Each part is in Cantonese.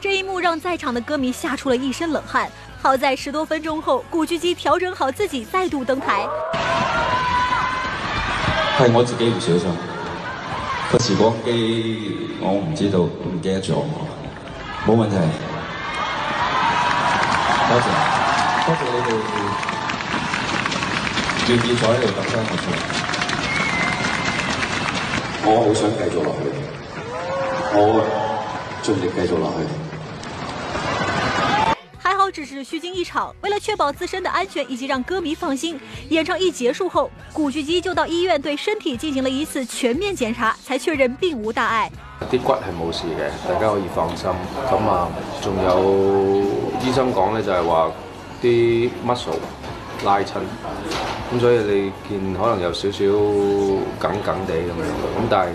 這一幕讓在場的歌迷嚇出了一身冷汗。好在十多分鐘後，古巨基調整好自己，再度登台。係我自己唔小心，個時光機我唔知道，唔記得咗，冇問題。多謝，多謝你哋願意坐喺度等翻我。我好想繼續落去。我就嚟跌咗落去，還好只是虛驚一場。為了確保自身的安全以及讓歌迷放心，演唱一結束後，古巨基就到醫院對身體進行了一次全面檢查，才確認並無大礙。啲骨係冇事嘅，大家可以放心。咁啊，仲有醫生講咧，就係話啲 muscle 拉親，咁所以你見可能有少少緊緊地咁樣，咁但係。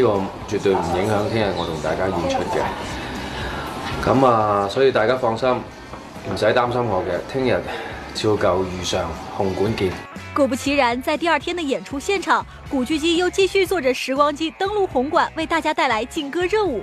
呢個絕對唔影響聽日我同大家演出嘅，咁啊，所以大家放心，唔使擔心我嘅。聽日照舊如常紅館見。果不其然，在第二天嘅演出現場，古巨基又繼續坐着時光機登陸紅館，為大家帶來勁歌熱舞。